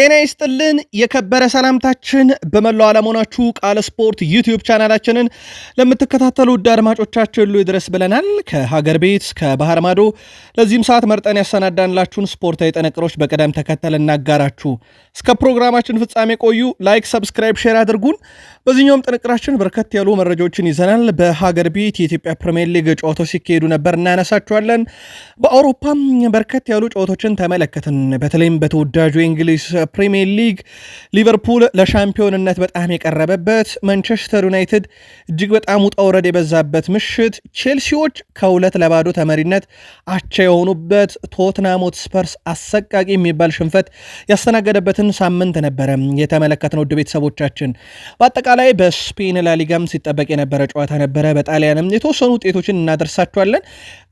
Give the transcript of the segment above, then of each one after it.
ጤና ይስጥልን የከበረ ሰላምታችን በመላው አለመሆናችሁ ቃል ስፖርት ዩቲዩብ ቻናላችንን ለምትከታተሉ ውድ አድማጮቻችን ሉ ይድረስ ብለናል። ከሀገር ቤት ከባህር ማዶ ለዚህም ሰዓት መርጠን ያሰናዳንላችሁን ስፖርታዊ ጥንቅሮች በቅደም ተከተል እናጋራችሁ። እስከ ፕሮግራማችን ፍጻሜ ቆዩ። ላይክ፣ ሰብስክራይብ፣ ሼር አድርጉን። በዚህኛውም ጥንቅራችን በርከት ያሉ መረጃዎችን ይዘናል። በሀገር ቤት የኢትዮጵያ ፕሪምየር ሊግ ጨዋታዎች ሲካሄዱ ነበር፣ እናነሳችኋለን። በአውሮፓም በርከት ያሉ ጨዋታዎችን ተመለከትን። በተለይም በተወዳጁ የእንግሊዝ ፕሪሚየር ሊግ ሊቨርፑል ለሻምፒዮንነት በጣም የቀረበበት፣ ማንቸስተር ዩናይትድ እጅግ በጣም ውጣ ውረድ የበዛበት ምሽት፣ ቼልሲዎች ከሁለት ለባዶ ተመሪነት አቻ የሆኑበት፣ ቶትናም ሆትስፐርስ አሰቃቂ የሚባል ሽንፈት ያስተናገደበትን ሳምንት ነበረ የተመለከትነው። ውድ ቤተሰቦቻችን በአጠቃላይ በስፔን ላሊጋም ሲጠበቅ የነበረ ጨዋታ ነበረ። በጣሊያንም የተወሰኑ ውጤቶችን እናደርሳቸዋለን።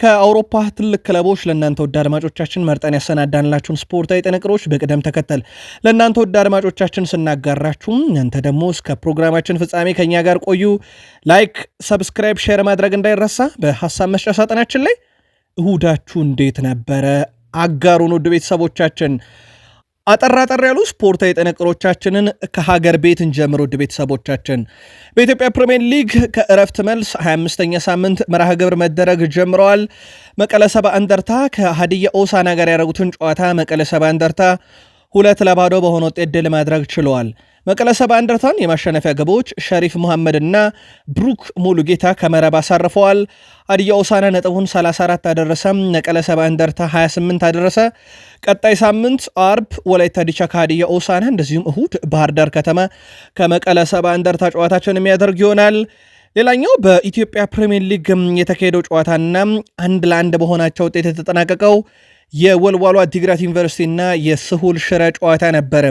ከአውሮፓ ትልቅ ክለቦች ለእናንተ ውድ አድማጮቻችን መርጠን ያሰናዳንላችሁን ስፖርታዊ ጥንቅሮች በቅደም ተከተል ለእናንተ ወደ አድማጮቻችን ስናጋራችሁ እናንተ ደግሞ እስከ ፕሮግራማችን ፍጻሜ ከእኛ ጋር ቆዩ። ላይክ፣ ሰብስክራይብ፣ ሼር ማድረግ እንዳይረሳ። በሀሳብ መስጫ ሳጥናችን ላይ እሁዳችሁ እንዴት ነበረ አጋሩን ውድ ቤተሰቦቻችን። አጠር አጠር ያሉ ስፖርታዊ ጥንቅሮቻችንን ከሀገር ቤት እንጀምር። ውድ ቤተሰቦቻችን በኢትዮጵያ ፕሪምየር ሊግ ከእረፍት መልስ 25ኛ ሳምንት መርሃ ግብር መደረግ ጀምረዋል። መቀለ ሰባ እንደርታ ከሀዲያ ኦሳና ጋር ያደረጉትን ጨዋታ መቀለ ሰባ እንደርታ ሁለት ለባዶ በሆነ ውጤት ድል ማድረግ ችለዋል። መቀለ ሰባ እንደርታን የማሸነፊያ ግቦች ሸሪፍ መሐመድና ብሩክ ሙሉጌታ ከመረብ አሳርፈዋል። አድያ ውሳና ነጥቡን 34 አደረሰም። መቀለ ሰባ እንደርታ 28 አደረሰ። ቀጣይ ሳምንት አርብ ወላይታ ዲቻ ከሀዲያ ውሳና እንደዚሁም እሁድ ባህርዳር ከተማ ከመቀለ ሰባ እንደርታ ጨዋታችን የሚያደርግ ይሆናል። ሌላኛው በኢትዮጵያ ፕሪምየር ሊግ የተካሄደው ጨዋታና አንድ ለአንድ በሆናቸው ውጤት የተጠናቀቀው የወልዋሎ አዲግራት ዩኒቨርሲቲና የስሁል ሽረ ጨዋታ ነበረ።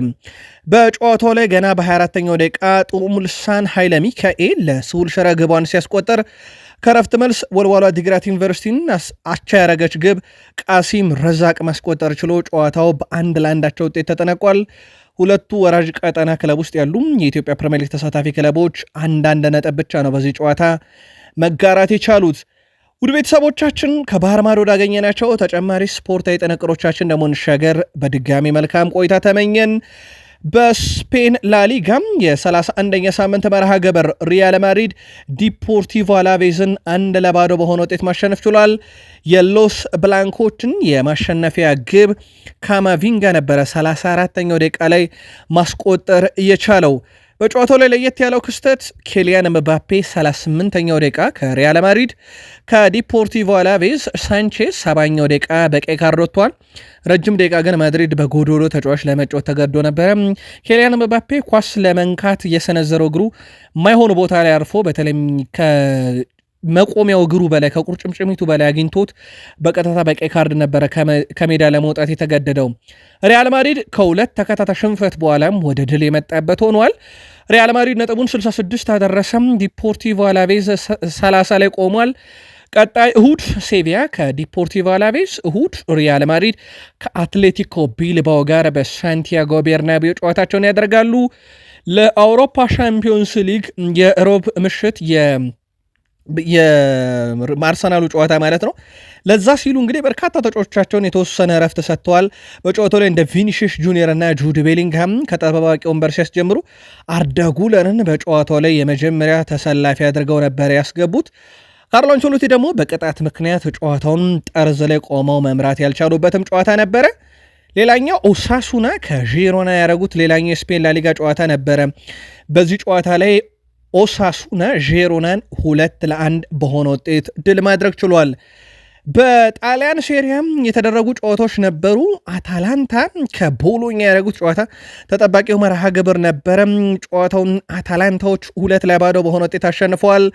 በጨዋታው ላይ ገና በ24ኛው ደቂቃ ጡሙልሳን ኃይለ ሚካኤል ለስሁል ሽረ ግቧን ሲያስቆጠር ከረፍት መልስ ወልዋሏ ዲግራት ዩኒቨርሲቲን አቻ ያረገች ግብ ቃሲም ረዛቅ ማስቆጠር ችሎ ጨዋታው በአንድ ለአንዳቸው ውጤት ተጠናቋል። ሁለቱ ወራጅ ቀጠና ክለብ ውስጥ ያሉ የኢትዮጵያ ፕሪሚየር ሊግ ተሳታፊ ክለቦች አንዳንድ ነጥብ ብቻ ነው በዚህ ጨዋታ መጋራት የቻሉት። ውድ ቤተሰቦቻችን ከባህር ማዶ ወዳገኘናቸው ተጨማሪ ስፖርታዊ ጥንቅሮቻችን ደግሞ እንሻገር። በድጋሚ መልካም ቆይታ ተመኘን። በስፔን ላሊጋም የ31ኛ ሳምንት መርሃ ገበር ሪያል ማድሪድ ዲፖርቲቮ አላቬዝን አንድ ለባዶ በሆነ ውጤት ማሸነፍ ችሏል። የሎስ ብላንኮችን የማሸነፊያ ግብ ካማቪንጋ ነበረ 34ኛው ደቂቃ ላይ ማስቆጠር የቻለው። በጨዋታው ላይ ለየት ያለው ክስተት ኬሊያን መባፔ 38ኛው ደቂቃ ከሪያል ማድሪድ ከዲፖርቲቮ አላቬዝ ሳንቼስ ሰባኛው ደቂቃ በቀይ ካርድ ወጥቷል። ረጅም ደቂቃ ግን ማድሪድ በጎዶሎ ተጫዋች ለመጫወት ተገዶ ነበረ። ኬሊያን መባፔ ኳስ ለመንካት የሰነዘረው እግሩ ማይሆኑ ቦታ ላይ አርፎ በተለይ መቆሚያው እግሩ በላይ ከቁርጭምጭሚቱ በላይ አግኝቶት በቀጥታ በቀይ ካርድ ነበረ ከሜዳ ለመውጣት የተገደደው። ሪያል ማድሪድ ከሁለት ተከታታይ ሽንፈት በኋላም ወደ ድል የመጣበት ሆኗል። ሪያል ማድሪድ ነጥቡን 66 አደረሰም። ዲፖርቲቮ አላቬዝ 30 ላይ ቆሟል። ቀጣይ እሁድ ሴቪያ ከዲፖርቲቮ አላቬዝ፣ እሁድ ሪያል ማድሪድ ከአትሌቲኮ ቢልባው ጋር በሳንቲያጎ ቤርናቢዮ ጨዋታቸውን ያደርጋሉ። ለአውሮፓ ሻምፒዮንስ ሊግ የሮብ ምሽት የ የአርሰናሉ ጨዋታ ማለት ነው። ለዛ ሲሉ እንግዲህ በርካታ ተጫዋቾቻቸውን የተወሰነ እረፍት ሰጥተዋል። በጨዋታው ላይ እንደ ቪኒሽሽ ጁኒየር እና ጁድ ቤሊንግሃም ከተጠባባቂ ወንበር ሲያስጀምሩ አርደጉለንን በጨዋታው ላይ የመጀመሪያ ተሰላፊ አድርገው ነበር ያስገቡት። ካርሎ አንቸሎቲ ደግሞ በቅጣት ምክንያት ጨዋታውን ጠርዝ ላይ ቆመው መምራት ያልቻሉበትም ጨዋታ ነበረ። ሌላኛው ኦሳሱና ከዢሮና ያደረጉት ሌላኛው የስፔን ላሊጋ ጨዋታ ነበረ። በዚህ ጨዋታ ላይ ኦሳሱና ጄሮናን ሁለት ለአንድ በሆነ ውጤት ድል ማድረግ ችሏል። በጣሊያን ሴሪያም የተደረጉ ጨዋታዎች ነበሩ። አታላንታ ከቦሎኛ ያደረጉት ጨዋታ ተጠባቂው መርሃ ግብር ነበረ። ጨዋታውን አታላንታዎች ሁለት ለባዶ በሆነ ውጤት አሸንፈዋል።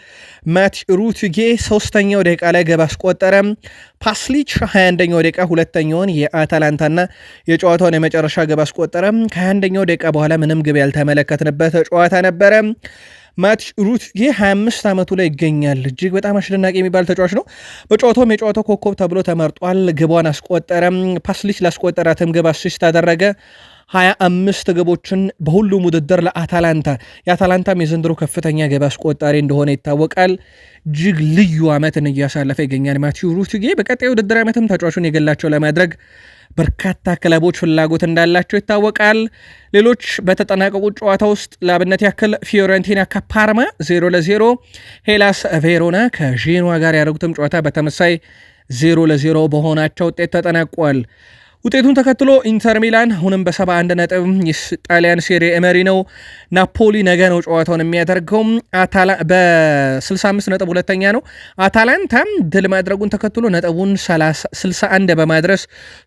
ማቲ ሩትጌ ሶስተኛው ደቂቃ ላይ ገብ አስቆጠረ። ፓስሊች 21ኛው ደቂቃ ሁለተኛውን የአታላንታና የጨዋታውን የመጨረሻ ገብ አስቆጠረ። ከ21ኛው ደቂቃ በኋላ ምንም ግብ ያልተመለከትንበት ጨዋታ ነበረ። ማቲሽ ሩትዬ 25 ዓመቱ ላይ ይገኛል። እጅግ በጣም አስደናቂ የሚባል ተጫዋች ነው። በጨዋታውም የጨዋታው ኮከብ ተብሎ ተመርጧል። ግቧን አስቆጠረም። ፓስሊች ላስቆጠራትም ግብ አሲስት አደረገ። 25 ግቦችን በሁሉም ውድድር ለአታላንታ የአታላንታም የዘንድሮ ከፍተኛ ግብ አስቆጣሪ እንደሆነ ይታወቃል። እጅግ ልዩ ዓመትን እያሳለፈ ይገኛል ማቲው ሩቲጌ። በቀጣይ ውድድር ዓመትም ተጫዋቹን የገላቸው ለማድረግ በርካታ ክለቦች ፍላጎት እንዳላቸው ይታወቃል። ሌሎች በተጠናቀቁ ጨዋታ ውስጥ ለአብነት ያክል ፊዮረንቲና ከፓርማ 0 ለ0፣ ሄላስ ቬሮና ከዤኖዋ ጋር ያደረጉትም ጨዋታ በተመሳይ 0 ለ0 በሆናቸው ውጤት ተጠናቋል። ውጤቱን ተከትሎ ኢንተር ሚላን አሁንም በ71 ነጥብ ጣሊያን ሴሪ መሪ ነው። ናፖሊ ነገ ነው ጨዋታውን የሚያደርገው በ65 ነጥብ ሁለተኛ ነው። አታላንታ ድል ማድረጉን ተከትሎ ነጥቡን 61 በማድረስ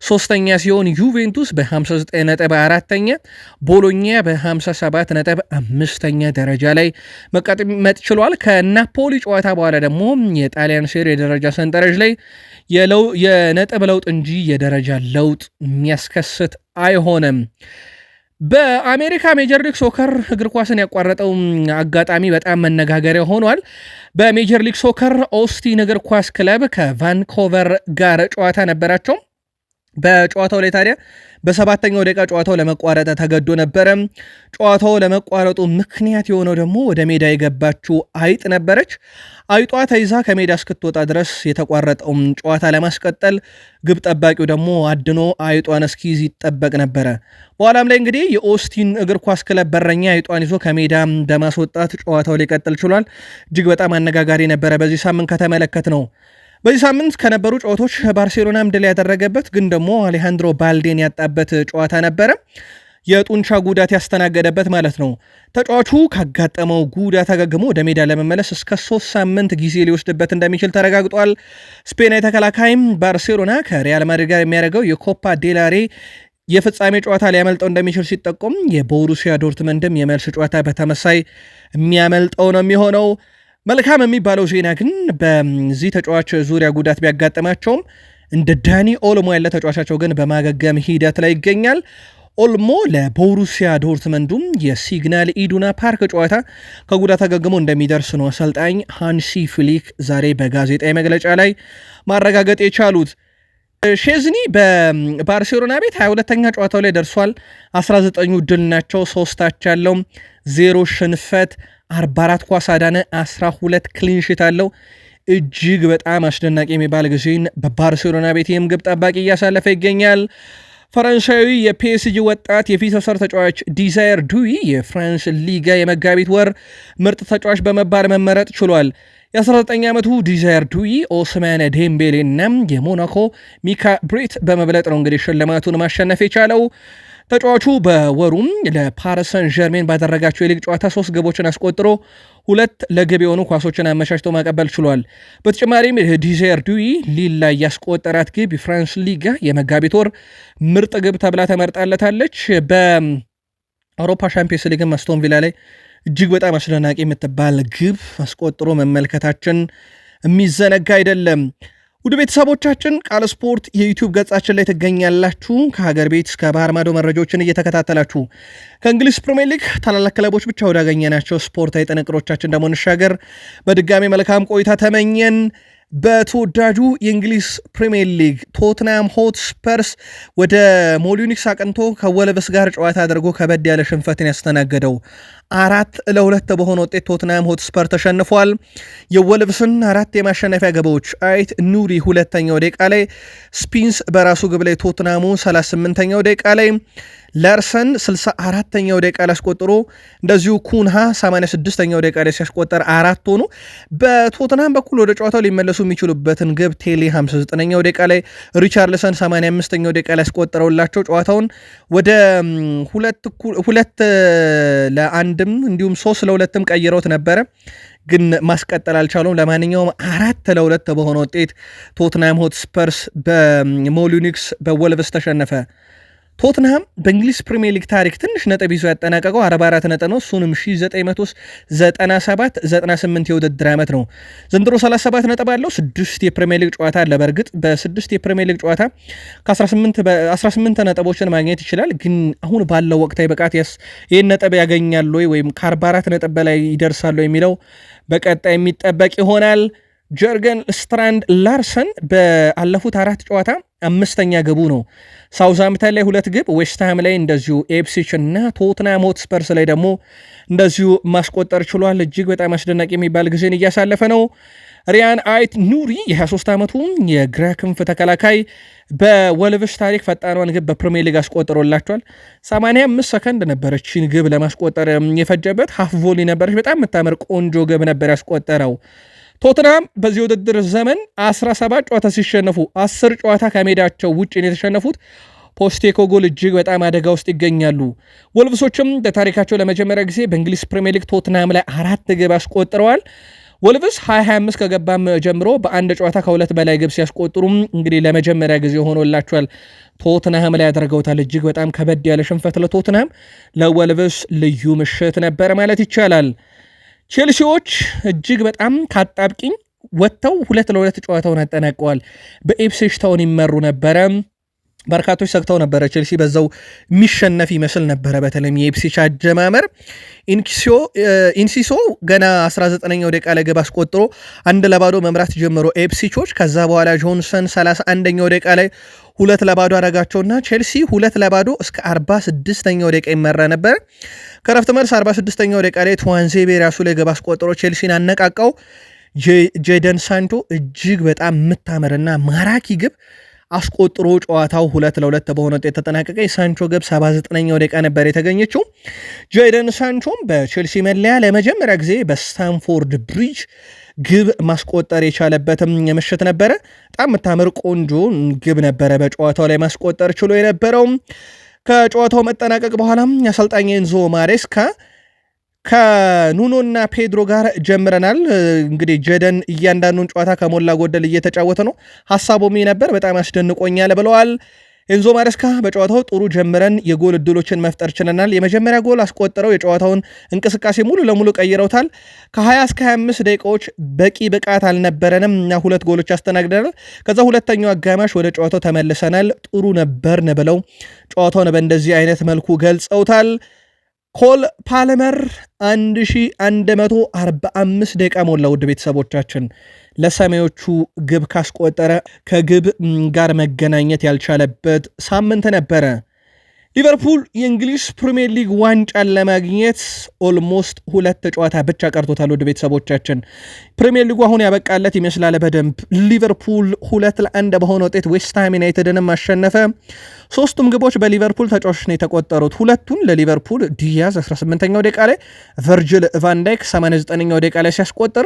ሶስተኛ ሲሆን ዩቬንቱስ በ59 ነጥብ አራተኛ፣ ቦሎኛ በ57 ነጥብ አምስተኛ ደረጃ ላይ መቀመጥ ችሏል። ከናፖሊ ጨዋታ በኋላ ደግሞ የጣሊያን ሴሪ የደረጃ ሰንጠረዥ ላይ የነጥብ ለውጥ እንጂ የደረጃ ለውጥ የሚያስከስት አይሆንም። በአሜሪካ ሜጀር ሊግ ሶከር እግር ኳስን ያቋረጠው አጋጣሚ በጣም መነጋገሪያ ሆኗል። በሜጀር ሊግ ሶከር ኦስቲን እግር ኳስ ክለብ ከቫንኮቨር ጋር ጨዋታ ነበራቸው። በጨዋታው ላይ ታዲያ በሰባተኛው ደቂቃ ጨዋታው ለመቋረጥ ተገዶ ነበረ። ጨዋታው ለመቋረጡ ምክንያት የሆነው ደግሞ ወደ ሜዳ የገባችው አይጥ ነበረች። አይጧ ተይዛ ከሜዳ እስክትወጣ ድረስ የተቋረጠውም ጨዋታ ለማስቀጠል ግብ ጠባቂው ደግሞ አድኖ አይጧን እስኪይዝ ይጠበቅ ነበረ። በኋላም ላይ እንግዲህ የኦስቲን እግር ኳስ ክለብ በረኛ አይጧን ይዞ ከሜዳ በማስወጣት ጨዋታው ሊቀጥል ችሏል። እጅግ በጣም አነጋጋሪ ነበረ በዚህ ሳምንት ከተመለከት ነው በዚህ ሳምንት ከነበሩ ጨዋታዎች ባርሴሎናም ድል ያደረገበት ግን ደግሞ አሌሃንድሮ ባልዴን ያጣበት ጨዋታ ነበረ። የጡንቻ ጉዳት ያስተናገደበት ማለት ነው። ተጫዋቹ ካጋጠመው ጉዳት አገግሞ ወደ ሜዳ ለመመለስ እስከ ሶስት ሳምንት ጊዜ ሊወስድበት እንደሚችል ተረጋግጧል። ስፔናዊ ተከላካይም ባርሴሎና ከሪያል ማድሪድ ጋር የሚያደርገው የኮፓ ዴላሬ የፍጻሜ ጨዋታ ሊያመልጠው እንደሚችል ሲጠቆም የቦሩሲያ ዶርትመንድም የመልስ ጨዋታ በተመሳይ የሚያመልጠው ነው የሚሆነው። መልካም የሚባለው ዜና ግን በዚህ ተጫዋች ዙሪያ ጉዳት ቢያጋጥማቸውም እንደ ዳኒ ኦልሞ ያለ ተጫዋቻቸው ግን በማገገም ሂደት ላይ ይገኛል። ኦልሞ ለቦሩሲያ ዶርትመንዱም የሲግናል ኢዱና ፓርክ ጨዋታ ከጉዳት አገግሞ እንደሚደርስ ነው አሰልጣኝ ሃንሲ ፍሊክ ዛሬ በጋዜጣዊ መግለጫ ላይ ማረጋገጥ የቻሉት። ሼዝኒ በባርሴሎና ቤት 22ተኛ ጨዋታው ላይ ደርሷል። 19ኙ ድል ናቸው፣ ሶስታች ያለው ዜሮ ሽንፈት 44 ኳስ አዳነ፣ 12 ክሊንሽት አለው። እጅግ በጣም አስደናቂ የሚባል ጊዜን በባርሴሎና ቤት ይህም ግብ ጠባቂ እያሳለፈ ይገኛል። ፈረንሳዊ የፒኤስጂ ወጣት የፊት ሰር ተጫዋች ዲዛይር ዱዊ የፍራንስ ሊጋ የመጋቢት ወር ምርጥ ተጫዋች በመባል መመረጥ ችሏል። የ19 ዓመቱ ዲዛይር ዱዊ ኦስማን ዴምቤሌ የሞናኮ ሚካ ብሬት በመብለጥ ነው እንግዲህ ሽልማቱን ማሸነፍ የቻለው። ተጫዋቹ በወሩም ለፓሪሰን ዠርሜን ባደረጋቸው የሊግ ጨዋታ ሶስት ግቦችን አስቆጥሮ ሁለት ለግብ የሆኑ ኳሶችን አመቻችቶ ማቀበል ችሏል። በተጨማሪም ዲዜር ዱዊ ሊል ላይ ያስቆጠራት ግብ የፍራንስ ሊጋ የመጋቢት ወር ምርጥ ግብ ተብላ ተመርጣለታለች። በአውሮፓ ሻምፒየንስ ሊግም አስቶን ቪላ ላይ እጅግ በጣም አስደናቂ የምትባል ግብ አስቆጥሮ መመልከታችን የሚዘነጋ አይደለም። ውድ ቤተሰቦቻችን ቃል ስፖርት የዩቲዩብ ገጻችን ላይ ትገኛላችሁ። ከሀገር ቤት እስከ ባህር ማዶ መረጃዎችን እየተከታተላችሁ ከእንግሊዝ ፕሪሚየር ሊግ ታላላቅ ክለቦች ብቻ ወዳገኘናቸው ስፖርታዊ ጥንቅሮቻችን ደግሞ እንሻገር። በድጋሚ መልካም ቆይታ ተመኘን። በተወዳጁ የእንግሊዝ ፕሪምየር ሊግ ቶትናም ሆትስፐርስ ወደ ሞሊኒክስ አቅንቶ ከወለበስ ጋር ጨዋታ አድርጎ ከበድ ያለ ሽንፈትን ያስተናገደው አራት ለሁለት በሆነ ውጤት ቶትናም ሆትስፐር ተሸንፏል። የወለብስን አራት የማሸነፊያ ገባዎች አይት ኑሪ ሁለተኛው ደቂቃ ላይ፣ ስፒንስ በራሱ ግብ ላይ ቶትናሙ 38ኛው ደቂቃ ላይ ለርሰን 64 ተኛው ደቂቃ ሊያስቆጥሮ እንደዚሁ ኩንሃ 86 ተኛው ደቂቃ ላይ ሲያስቆጠር አራት ሆኖ በቶትናም በኩል ወደ ጨዋታው ሊመለሱ የሚችሉበትን ግብ ቴሌ 59ኛው ደቂቃ ላይ ሪቻርልሰን 85ኛው ደቂቃ ላይ ያስቆጠረውላቸው ጨዋታውን ወደ ሁለት ለአንድም እንዲሁም ሶስት ለሁለትም ቀይረውት ነበረ ግን ማስቀጠል አልቻሉም። ለማንኛውም አራት ለሁለት በሆነ ውጤት ቶትናም ሆትስፐርስ በሞሊኒክስ በወልቭስ ተሸነፈ። ቶትንሃም በእንግሊዝ ፕሪሚየር ሊግ ታሪክ ትንሽ ነጥብ ይዞ ያጠናቀቀው 44 ነጥብ ነው። እሱንም 1997 98 የውድድር ዓመት ነው። ዘንድሮ 37 ነጥብ አለው። ስድስት የፕሪሚየር ሊግ ጨዋታ አለ። በእርግጥ በስድስት የፕሪሚየር ሊግ ጨዋታ ከ18 ነጥቦችን ማግኘት ይችላል። ግን አሁን ባለው ወቅታዊ ብቃት ይህን ነጥብ ያገኛሉ ወይም ከ44 ነጥብ በላይ ይደርሳሉ የሚለው በቀጣይ የሚጠበቅ ይሆናል። ጀርገን ስትራንድ ላርሰን በአለፉት አራት ጨዋታ አምስተኛ ግቡ ነው። ሳውዝሃምተን ላይ ሁለት ግብ፣ ዌስትሃም ላይ እንደዚሁ፣ ኤፕሲች እና ቶትናም ሆትስፐርስ ላይ ደግሞ እንደዚሁ ማስቆጠር ችሏል። እጅግ በጣም አስደናቂ የሚባል ጊዜን እያሳለፈ ነው። ሪያን አይት ኑሪ የ23 ዓመቱ የግራ ክንፍ ተከላካይ በወልቭስ ታሪክ ፈጣኗን ግብ በፕሪሚየር ሊግ አስቆጥሮላቸዋል። 85 ሰከንድ ነበረችን ግብ ለማስቆጠር የፈጀበት ሀፍ ቮሊ ነበረች። በጣም የምታምር ቆንጆ ግብ ነበር ያስቆጠረው። ቶትናም በዚህ ውድድር ዘመን 17 ጨዋታ ሲሸነፉ 10 ጨዋታ ከሜዳቸው ውጭ ነው የተሸነፉት። ጎል እጅግ በጣም አደጋ ውስጥ ይገኛሉ። ወልቭሶችም በታሪካቸው ለመጀመሪያ ጊዜ በእንግሊዝ ፕሪምየር ሊግ ቶትናም ላይ አራት ግብ አስቆጥረዋል። ወልቭስ 2025 ከገባም ጀምሮ በአንድ ጨዋታ ከሁለት በላይ ግብ ሲያስቆጥሩም እንግዲህ ለመጀመሪያ ጊዜ ሆኖላቸዋል። ቶትናም ላይ ያደርገውታል። እጅግ በጣም ከበድ ያለ ሽንፈት ለቶትናም ለወልቭስ ልዩ ምሽት ነበር ማለት ይቻላል። ቼልሲዎች እጅግ በጣም ካጣብቂኝ ወጥተው ሁለት ለሁለት ጨዋታውን አጠናቀዋል። በኢፕስዊች ታውን ይመሩ ነበረ። በርካቶች ሰግተው ነበረ ቼልሲ በዛው የሚሸነፍ ይመስል ነበረ። በተለይም የኤፕሲች አጀማመር ኢንሲሶ ገና 19ኛው ደቂቃ ላይ ግብ አስቆጥሮ አንድ ለባዶ መምራት ጀምሮ ኤፕሲቾች ከዛ በኋላ ጆንሰን 31ኛው ደቂቃ ላይ ሁለት ለባዶ አደረጋቸውና ቼልሲ ሁለት ለባዶ እስከ 46ኛው ደቂቃ ይመራ ነበር። ከረፍት መልስ 46ኛው ደቂቃ ላይ ትዋንዜቤ ራሱ ላይ ገባ አስቆጥሮ ቼልሲን አነቃቃው። ጄደን ሳንቶ እጅግ በጣም የምታምርና ማራኪ ግብ አስቆጥሮ ጨዋታው ሁለት ለሁለት በሆነ ውጤት ተጠናቀቀ። የሳንቾ ግብ 79ኛው ደቂቃ ነበር የተገኘችው። ጃይደን ሳንቾም በቼልሲ መለያ ለመጀመሪያ ጊዜ በስታንፎርድ ብሪጅ ግብ ማስቆጠር የቻለበትም የምሽት ነበረ። በጣም የምታምር ቆንጆ ግብ ነበረ በጨዋታው ላይ ማስቆጠር ችሎ የነበረው። ከጨዋታው መጠናቀቅ በኋላም አሰልጣኝ ኤንዞ ማሬስካ ከኑኖና ፔድሮ ጋር ጀምረናል። እንግዲህ ጀደን እያንዳንዱን ጨዋታ ከሞላ ጎደል እየተጫወተ ነው። ሀሳቡም ነበር በጣም አስደንቆኛል ብለዋል። ኤንዞ ማረስካ በጨዋታው ጥሩ ጀምረን የጎል እድሎችን መፍጠር ችለናል። የመጀመሪያ ጎል አስቆጥረው የጨዋታውን እንቅስቃሴ ሙሉ ለሙሉ ቀይረውታል። ከ20 እስከ 25 ደቂቃዎች በቂ ብቃት አልነበረንም እና ሁለት ጎሎች አስተናግደናል። ከዛ ሁለተኛው አጋማሽ ወደ ጨዋታው ተመልሰናል። ጥሩ ነበርን ብለው ጨዋታውን በእንደዚህ አይነት መልኩ ገልጸውታል። ኮል ፓልመር 1145 ደቂቃ ሞላ። ውድ ቤተሰቦቻችን ለሰማዮቹ ግብ ካስቆጠረ ከግብ ጋር መገናኘት ያልቻለበት ሳምንት ነበረ። ሊቨርፑል የእንግሊዝ ፕሪምየር ሊግ ዋንጫን ለማግኘት ኦልሞስት ሁለት ጨዋታ ብቻ ቀርቶታል። ወደ ቤተሰቦቻችን ፕሪምየር ሊጉ አሁን ያበቃለት ይመስላል። በደንብ ሊቨርፑል ሁለት ለአንድ በሆነ ውጤት ዌስትሃም ዩናይትድንም አሸነፈ። ሶስቱም ግቦች በሊቨርፑል ተጫዋቾች ነው የተቆጠሩት። ሁለቱን ለሊቨርፑል ዲያዝ 18ኛው ደቂቃ ላይ፣ ቨርጅል ቫንዳይክ 89ኛው ደቂቃ ላይ ሲያስቆጥር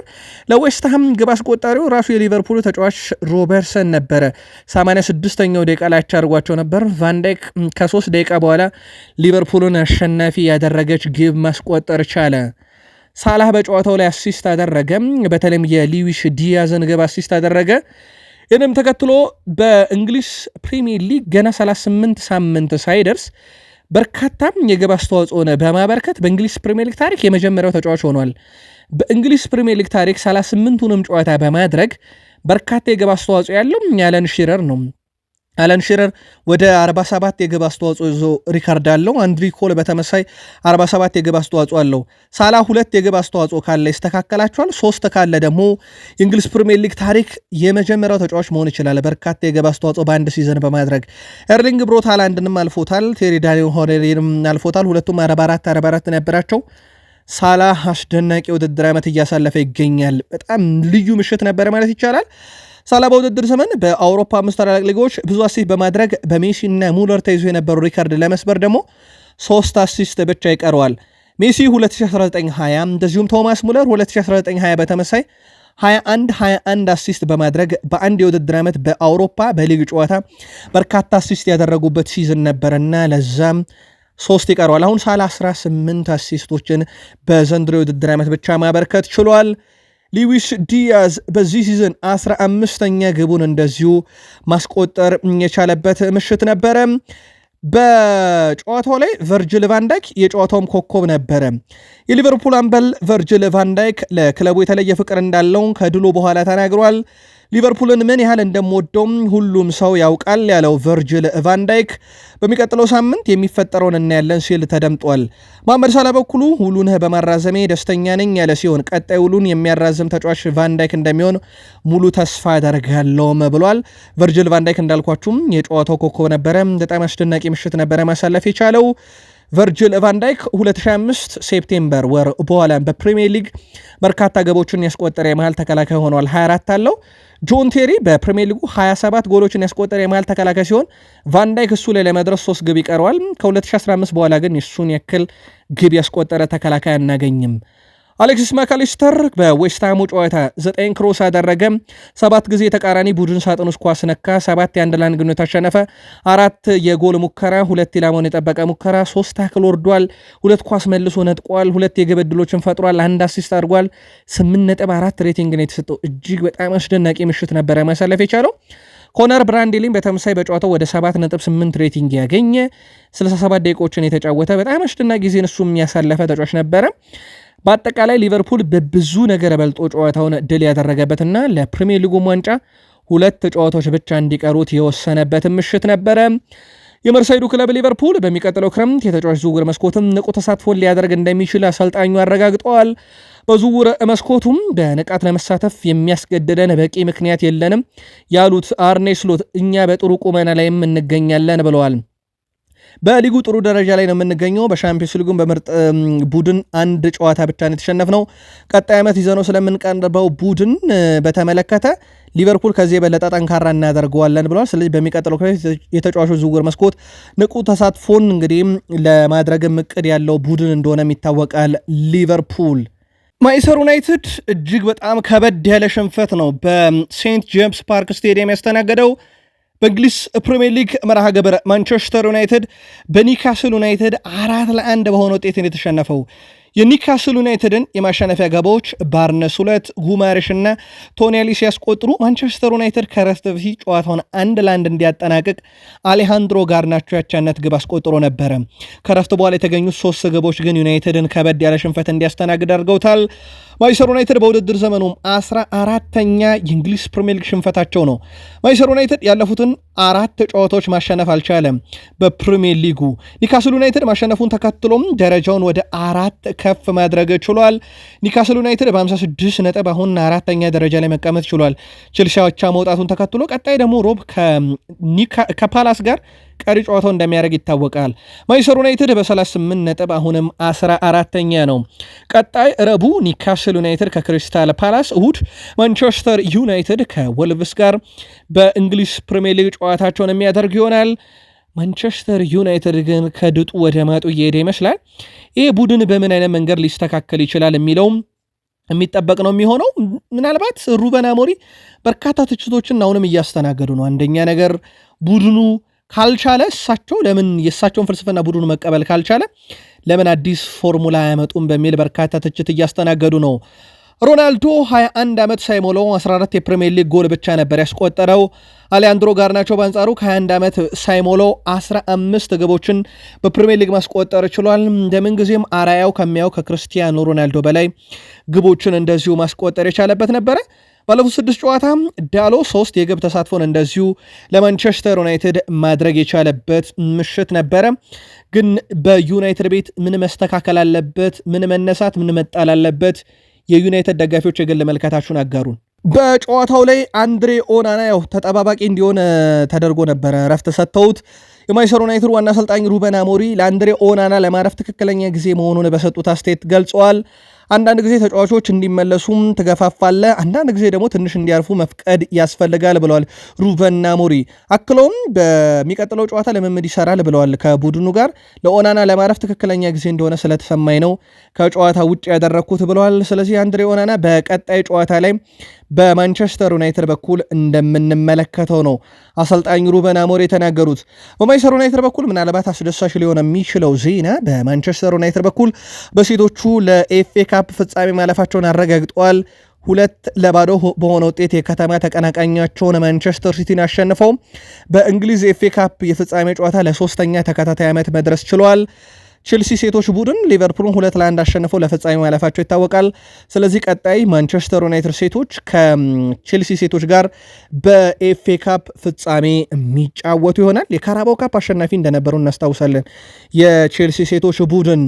ለዌስትሃም ግብ አስቆጣሪው ራሱ የሊቨርፑሉ ተጫዋች ሮበርሰን ነበረ። 86ኛው ደቂቃ ላይ አቻርጓቸው ነበር። ቫንዳይክ ከሶስት ደቂቃ በኋላ ሊቨርፑልን አሸናፊ ያደረገች ግብ ማስቆጠር ቻለ። ሳላህ በጨዋታው ላይ አሲስት አደረገ። በተለይም የሊዊሽ ዲያዝን ግብ አሲስት አደረገ። ይህንም ተከትሎ በእንግሊዝ ፕሪሚየር ሊግ ገና 38 ሳምንት ሳይደርስ በርካታም የግብ ሆነ በማበርከት በእንግሊዝ ፕሪሚየር ሊግ ታሪክ የመጀመሪያው ተጫዋች ሆኗል። በእንግሊዝ ፕሪሚየር ሊግ ታሪክ 38ቱንም ጨዋታ በማድረግ በርካታ የግብ አስተዋጽኦ ያለው ያለን ሺረር ነው። አለን ሽረር ወደ 47 የግብ አስተዋጽኦ ይዞ ሪካርድ አለው። አንድሪ ኮል በተመሳይ 47 የግብ አስተዋጽኦ አለው። ሳላ ሁለት የግብ አስተዋጽኦ ካለ ይስተካከላቸዋል። ሶስት ካለ ደግሞ የእንግሊዝ ፕሪሚየር ሊግ ታሪክ የመጀመሪያው ተጫዋች መሆን ይችላል። በርካታ የግብ አስተዋጽኦ በአንድ ሲዘን በማድረግ ኤርሊንግ ብሮት ሃላንድንም አልፎታል። ቴሪ ዳኒ ሆነሪንም አልፎታል። ሁለቱም 44 44 ነበራቸው። ሳላ አስደናቂ ውድድር ዓመት እያሳለፈ ይገኛል። በጣም ልዩ ምሽት ነበር ማለት ይቻላል። ሳላ በውድድር ዘመን በአውሮፓ አምስት ታላላቅ ሊጎች ብዙ አሲስት በማድረግ በሜሲና ሙለር ተይዞ የነበረው ሪካርድ ለመስበር ደግሞ ሶስት አሲስት ብቻ ይቀረዋል። ሜሲ 2019/20 እንደዚሁም ቶማስ ሙለር 2019/20 በተመሳይ 21 21 አሲስት በማድረግ በአንድ የውድድር ዓመት በአውሮፓ በሊግ ጨዋታ በርካታ አሲስት ያደረጉበት ሲዝን ነበርና ለዛም ሶስት ይቀረዋል። አሁን ሳላ 18 አሲስቶችን በዘንድሮ የውድድር ዓመት ብቻ ማበርከት ችሏል። ሊዊስ ዲያዝ በዚህ ሲዝን 15ኛ ግቡን እንደዚሁ ማስቆጠር የቻለበት ምሽት ነበረ። በጨዋታው ላይ ቨርጅል ቫንዳይክ የጨዋታውም ኮከብ ነበረ። የሊቨርፑል አምበል ቨርጅል ቫንዳይክ ለክለቡ የተለየ ፍቅር እንዳለውን ከድሉ በኋላ ተናግሯል። ሊቨርፑልን ምን ያህል እንደምወደውም ሁሉም ሰው ያውቃል ያለው ቨርጅል ቫንዳይክ በሚቀጥለው ሳምንት የሚፈጠረውን እናያለን ሲል ተደምጧል። መሐመድ ሳላ በኩሉ ውሉን በማራዘሜ ደስተኛ ነኝ ያለ ሲሆን ቀጣይ ውሉን የሚያራዝም ተጫዋች ቫንዳይክ እንደሚሆን ሙሉ ተስፋ አደርጋለሁም ብሏል። ቨርጅል ቫንዳይክ እንዳልኳችሁም የጨዋታው ኮከብ ነበረ። በጣም አስደናቂ ምሽት ነበረ ማሳለፍ የቻለው ቨርጅል ቫንዳይክ 2025 ሴፕቴምበር ወር በኋላ በፕሪሚየር ሊግ በርካታ ገቦችን ያስቆጠረ የመሃል ተከላካይ ሆኗል። 24 አለው። ጆን ቴሪ በፕሪሚየር ሊጉ 27 ጎሎችን ያስቆጠረ የመሃል ተከላካይ ሲሆን ቫንዳይክ እሱ ላይ ለመድረስ ሶስት ግብ ይቀረዋል። ከ2015 በኋላ ግን እሱን ያክል ግብ ያስቆጠረ ተከላካይ አናገኝም። አሌክሲስ ማካሊስተር በዌስትሃሙ ጨዋታ ዘጠኝ ክሮስ አደረገ። ሰባት ጊዜ የተቃራኒ ቡድን ሳጥን ውስጥ ኳስ ነካ። ሰባት የአንድ ለአንድ ግንኙነት አሸነፈ። አራት የጎል ሙከራ፣ ሁለት ኢላማውን የጠበቀ ሙከራ፣ ሶስት ታክል ወርዷል። ሁለት ኳስ መልሶ ነጥቋል። ሁለት የግብ ዕድሎችን ፈጥሯል። አንድ አሲስት አድርጓል። አራት ሬቲንግ ነው የተሰጠው። እጅግ በጣም አስደናቂ ምሽት ነበረ መሰለፍ የቻለው። ኮነር ብራንዴሊን በተመሳይ በጨዋታው ወደ 7.8 ሬቲንግ ያገኘ 67 ደቂቃዎችን የተጫወተ በጣም አስደናቂ ጊዜን እሱም ያሳለፈ ተጫዋች ነበረ። በአጠቃላይ ሊቨርፑል በብዙ ነገር በልጦ ጨዋታውን ድል ያደረገበትና ለፕሪሚየር ሊጉም ዋንጫ ሁለት ጨዋታዎች ብቻ እንዲቀሩት የወሰነበትም ምሽት ነበረ። የመርሳይዱ ክለብ ሊቨርፑል በሚቀጥለው ክረምት የተጫዋች ዝውውር መስኮትም ንቁ ተሳትፎን ሊያደርግ እንደሚችል አሰልጣኙ አረጋግጠዋል። በዝውውር መስኮቱም በንቃት ለመሳተፍ የሚያስገድደን በቂ ምክንያት የለንም ያሉት አርኔ ስሎት እኛ በጥሩ ቁመና ላይም እንገኛለን ብለዋል። በሊጉ ጥሩ ደረጃ ላይ ነው የምንገኘው። በሻምፒዮንስ ሊጉን በምርጥ ቡድን አንድ ጨዋታ ብቻ ነው የተሸነፍነው። ቀጣይ ዓመት ይዘነው ስለምንቀርበው ቡድን በተመለከተ ሊቨርፑል ከዚህ የበለጠ ጠንካራ እናደርገዋለን ብለዋል። ስለዚህ በሚቀጥለው የተጫዋቾች ዝውውር መስኮት ንቁ ተሳትፎን እንግዲህ ለማድረግም እቅድ ያለው ቡድን እንደሆነም ይታወቃል። ሊቨርፑል ማይሰር ዩናይትድ እጅግ በጣም ከበድ ያለ ሽንፈት ነው በሴንት ጄምስ ፓርክ ስቴዲየም ያስተናገደው። በእንግሊዝ ፕሪምየር ሊግ መርሃ ግብር ማንቸስተር ዩናይትድ በኒካስል ዩናይትድ አራት ለአንድ በሆነ ውጤትን የተሸነፈው የኒካስል ዩናይትድን የማሸነፊያ ገባዎች ባርነስ ሁለት ጉማሬሽና እና ያሊ ሲያስቆጥሩ ማንቸስተር ዩናይትድ ከረፍት በፊት ጨዋታውን አንድ ለአንድ እንዲያጠናቅቅ አሌሃንድሮ ጋርናቾ ያቻነት ግብ አስቆጥሮ ነበረ። ከረፍት በኋላ የተገኙት ሶስት ግቦች ግን ዩናይትድን ከበድ ያለ ሽንፈት እንዲያስተናግድ አድርገውታል። ማንቸስተር ዩናይትድ በውድድር ዘመኑም አስራ አራተኛ የእንግሊዝ ፕሪሚየር ሊግ ሽንፈታቸው ነው። ማንቸስተር ዩናይትድ ያለፉትን አራት ጨዋታዎች ማሸነፍ አልቻለም። በፕሪሚየር ሊጉ ኒካስል ዩናይትድ ማሸነፉን ተከትሎም ደረጃውን ወደ አራት ከፍ ማድረግ ችሏል። ኒካስል ዩናይትድ በ56 ነጥብ አሁን አራተኛ ደረጃ ላይ መቀመጥ ችሏል። ቼልሲ ብቻ መውጣቱን ተከትሎ ቀጣይ ደግሞ ሮብ ከፓላስ ጋር ቀሪ ጨዋታው እንደሚያደርግ ይታወቃል። ማንቸስተር ዩናይትድ በ38 ነጥብ አሁንም 14ተኛ ነው። ቀጣይ ረቡዕ ኒካስል ኒውካስል ዩናይትድ ከክሪስታል ፓላስ፣ እሁድ ማንቸስተር ዩናይትድ ከወልቭስ ጋር በእንግሊዝ ፕሪምየር ሊግ ጨዋታቸውን የሚያደርግ ይሆናል። ማንቸስተር ዩናይትድ ግን ከድጡ ወደ ማጡ እየሄደ ይመስላል። ይህ ቡድን በምን አይነት መንገድ ሊስተካከል ይችላል የሚለውም የሚጠበቅ ነው የሚሆነው። ምናልባት ሩበን አሞሪ በርካታ ትችቶችን አሁንም እያስተናገዱ ነው። አንደኛ ነገር ቡድኑ ካልቻለ እሳቸው ለምን የእሳቸውን ፍልስፍና ቡድኑ መቀበል ካልቻለ ለምን አዲስ ፎርሙላ አያመጡም በሚል በርካታ ትችት እያስተናገዱ ነው። ሮናልዶ 21 ዓመት ሳይሞላው 14 የፕሪምየር ሊግ ጎል ብቻ ነበር ያስቆጠረው። አሌያንድሮ ጋርናቾ በአንጻሩ ከ21 ዓመት ሳይሞላው 15 ግቦችን በፕሪምየር ሊግ ማስቆጠር ችሏል። እንደምንጊዜም አራያው ከሚያው ከክርስቲያኖ ሮናልዶ በላይ ግቦችን እንደዚሁ ማስቆጠር የቻለበት ነበረ። ባለፉት ስድስት ጨዋታ ዳሎ ሶስት የግብ ተሳትፎን እንደዚሁ ለማንቸስተር ዩናይትድ ማድረግ የቻለበት ምሽት ነበረ። ግን በዩናይትድ ቤት ምን መስተካከል አለበት? ምን መነሳት፣ ምን መጣል አለበት? የዩናይትድ ደጋፊዎች የግል መልከታችሁን አጋሩን። በጨዋታው ላይ አንድሬ ኦናና ያው ተጠባባቂ እንዲሆን ተደርጎ ነበረ ረፍት ሰጥተውት የማንቸስተር ዩናይትድ ዋና አሰልጣኝ ሩበን አሞሪ ለአንድሬ ኦናና ለማረፍ ትክክለኛ ጊዜ መሆኑን በሰጡት አስተያየት ገልጸዋል። አንዳንድ ጊዜ ተጫዋቾች እንዲመለሱም ትገፋፋለ፣ አንዳንድ ጊዜ ደግሞ ትንሽ እንዲያርፉ መፍቀድ ያስፈልጋል ብለዋል ሩበን አሞሪም። አክለውም በሚቀጥለው ጨዋታ ልምምድ ይሰራል ብለዋል ከቡድኑ ጋር። ለኦናና ለማረፍ ትክክለኛ ጊዜ እንደሆነ ስለተሰማኝ ነው ከጨዋታ ውጭ ያደረግኩት ብለዋል። ስለዚህ አንድሬ ኦናና በቀጣይ ጨዋታ ላይ በማንቸስተር ዩናይትድ በኩል እንደምንመለከተው ነው አሰልጣኝ ሩበን አሞር የተናገሩት። በማንቸስተር ዩናይትድ በኩል ምናልባት አስደሳች ሊሆን የሚችለው ዜና በማንቸስተር ዩናይትድ በኩል በሴቶቹ ለኤፍኤ ካፕ ፍጻሜ ማለፋቸውን አረጋግጠዋል። ሁለት ለባዶ በሆነ ውጤት የከተማ ተቀናቃኛቸውን ማንቸስተር ሲቲን አሸንፈው በእንግሊዝ ኤፍኤ ካፕ የፍጻሜ ጨዋታ ለሶስተኛ ተከታታይ ዓመት መድረስ ችሏል። ቼልሲ ሴቶች ቡድን ሊቨርፑልን ሁለት ለአንድ አሸንፈው ለፍጻሜ ማለፋቸው ይታወቃል። ስለዚህ ቀጣይ ማንቸስተር ዩናይትድ ሴቶች ከቼልሲ ሴቶች ጋር በኤፍኤ ካፕ ፍጻሜ የሚጫወቱ ይሆናል። የካራባው ካፕ አሸናፊ እንደነበሩ እናስታውሳለን። የቼልሲ ሴቶች ቡድን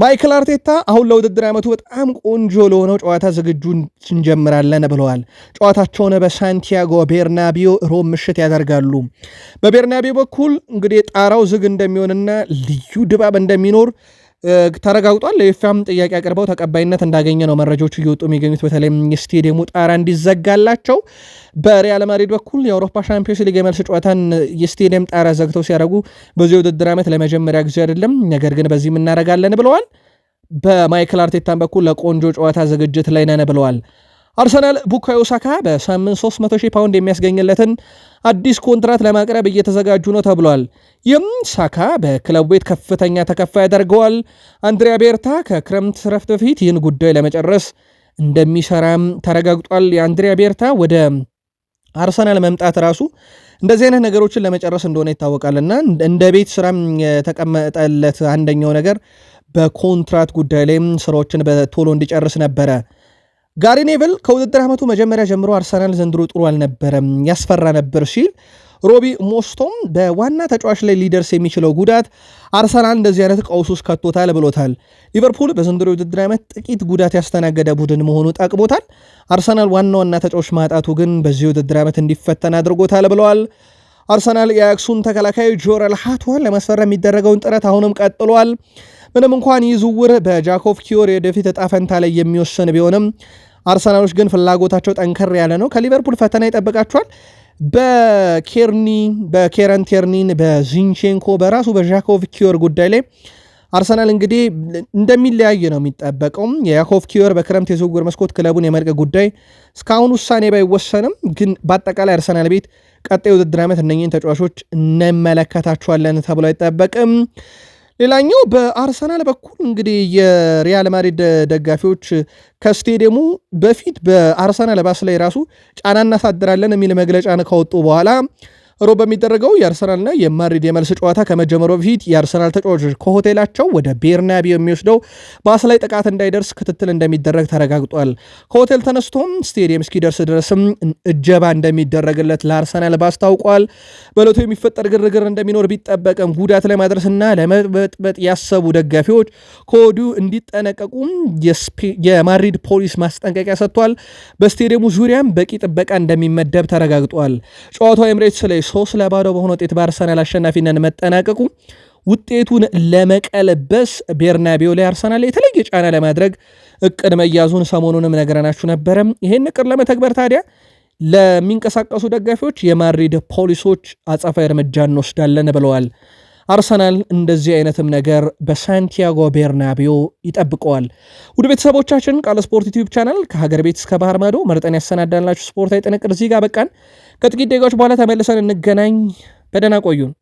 ማይክል አርቴታ አሁን ለውድድር ዓመቱ በጣም ቆንጆ ለሆነው ጨዋታ ዝግጁ እንጀምራለን ብለዋል። ጨዋታቸውን በሳንቲያጎ ቤርናቢዮ ሮም ምሽት ያደርጋሉ። በቤርናቢዮ በኩል እንግዲህ ጣራው ዝግ እንደሚሆንና ልዩ ድባብ እንደሚኖር ተረጋግጧል። ለዩፋም ጥያቄ አቅርበው ተቀባይነት እንዳገኘ ነው መረጃዎቹ እየወጡ የሚገኙት። በተለይም የስቴዲየሙ ጣራ እንዲዘጋላቸው በሪያል ማድሪድ በኩል የአውሮፓ ሻምፒዮንስ ሊግ የመልስ ጨዋታን የስቴዲየም ጣራ ዘግተው ሲያደርጉ በዚህ የውድድር ዓመት ለመጀመሪያ ጊዜ አይደለም፣ ነገር ግን በዚህም እናደርጋለን ብለዋል። በማይክል አርቴታን በኩል ለቆንጆ ጨዋታ ዝግጅት ላይ ነን ብለዋል። አርሰናል ቡካዮ ሳካ በሳምንት 300 ሺህ ፓውንድ የሚያስገኝለትን አዲስ ኮንትራት ለማቅረብ እየተዘጋጁ ነው ተብሏል። ይህም ሳካ በክለቡ ቤት ከፍተኛ ተከፋይ ያደርገዋል። አንድሪያ ቤርታ ከክረምት ረፍት በፊት ይህን ጉዳይ ለመጨረስ እንደሚሰራም ተረጋግጧል። የአንድሪያ ቤርታ ወደ አርሰናል መምጣት ራሱ እንደዚህ አይነት ነገሮችን ለመጨረስ እንደሆነ ይታወቃልና እንደ ቤት ስራም የተቀመጠለት አንደኛው ነገር በኮንትራት ጉዳይ ላይም ስራዎችን በቶሎ እንዲጨርስ ነበረ። ጋሪ ኔቭል ከውድድር ዓመቱ መጀመሪያ ጀምሮ አርሰናል ዘንድሮ ጥሩ አልነበረም፣ ያስፈራ ነበር ሲል ሮቢ ሞስቶም በዋና ተጫዋች ላይ ሊደርስ የሚችለው ጉዳት አርሰናል እንደዚህ አይነት ቀውስ ውስጥ ከቶታል ብሎታል። ሊቨርፑል በዘንድሮ የውድድር ዓመት ጥቂት ጉዳት ያስተናገደ ቡድን መሆኑ ጠቅሞታል። አርሰናል ዋና ዋና ተጫዋች ማጣቱ ግን በዚህ የውድድር ዓመት እንዲፈተን አድርጎታል ብለዋል። አርሰናል የአክሱን ተከላካይ ጆረል ሃቶን ለመስፈር የሚደረገውን ጥረት አሁንም ቀጥሏል። ምንም እንኳን ይህ ዝውውር በጃኮቭ ኪዮር የወደፊት እጣ ፈንታ ላይ የሚወሰን ቢሆንም አርሰናሎች ግን ፍላጎታቸው ጠንከር ያለ ነው። ከሊቨርፑል ፈተና ይጠብቃቸዋል። በኬርኒ በኬረን ቴርኒን፣ በዚንቼንኮ በራሱ በዣኮቭ ኪዮር ጉዳይ ላይ አርሰናል እንግዲህ እንደሚለያይ ነው የሚጠበቀው። የያኮቭ ኪዮር በክረምት የዝውውር መስኮት ክለቡን የመልቀቅ ጉዳይ እስካሁን ውሳኔ ባይወሰንም፣ ግን በአጠቃላይ አርሰናል ቤት ቀጣይ ውድድር ዓመት እነኝህን ተጫዋቾች እንመለከታቸዋለን ተብሎ አይጠበቅም። ሌላኛው በአርሰናል በኩል እንግዲህ የሪያል ማድሪድ ደጋፊዎች ከስቴዲየሙ በፊት በአርሰናል ባስ ላይ ራሱ ጫና እናሳድራለን የሚል መግለጫን ካወጡ በኋላ ሮብ በሚደረገው የአርሰናልና የማድሪድ የመልስ ጨዋታ ከመጀመሩ በፊት የአርሰናል ተጫዋቾች ከሆቴላቸው ወደ ቤርናቢ የሚወስደው ባስ ላይ ጥቃት እንዳይደርስ ክትትል እንደሚደረግ ተረጋግጧል። ከሆቴል ተነስቶም ስቴዲየም እስኪደርስ ድረስም እጀባ እንደሚደረግለት ለአርሰናል ባስታውቋል ታውቋል። በእለቱ የሚፈጠር ግርግር እንደሚኖር ቢጠበቅም ጉዳት ለማድረስና ለመበጥበጥ ያሰቡ ደጋፊዎች ከወዲሁ እንዲጠነቀቁ የማድሪድ ፖሊስ ማስጠንቀቂያ ሰጥቷል። በስቴዲየሙ ዙሪያም በቂ ጥበቃ እንደሚመደብ ተረጋግጧል። ጨዋታው ኤምሬትስ ላይ ሶስት ለባዶ በሆነ ውጤት በአርሰናል አሸናፊነት መጠናቀቁ ውጤቱን ለመቀለበስ ቤርናቤው ላይ አርሰናል የተለየ ጫና ለማድረግ እቅድ መያዙን ሰሞኑንም ነገረናችሁ ነበረም። ይህን እቅድ ለመተግበር ታዲያ ለሚንቀሳቀሱ ደጋፊዎች የማድሪድ ፖሊሶች አጸፋ እርምጃ እንወስዳለን ብለዋል። አርሰናል እንደዚህ አይነትም ነገር በሳንቲያጎ ቤርናቢዮ ይጠብቀዋል። ውድ ቤተሰቦቻችን ቃለስፖርት ስፖርት ዩቲዩብ ቻናል ከሀገር ቤት እስከ ባህር ማዶ መርጠን ያሰናዳላችሁ ስፖርታዊ ጥንቅር እዚህ ጋር በቃን። ከጥቂት ደቂቃዎች በኋላ ተመልሰን እንገናኝ። በደህና ቆዩን።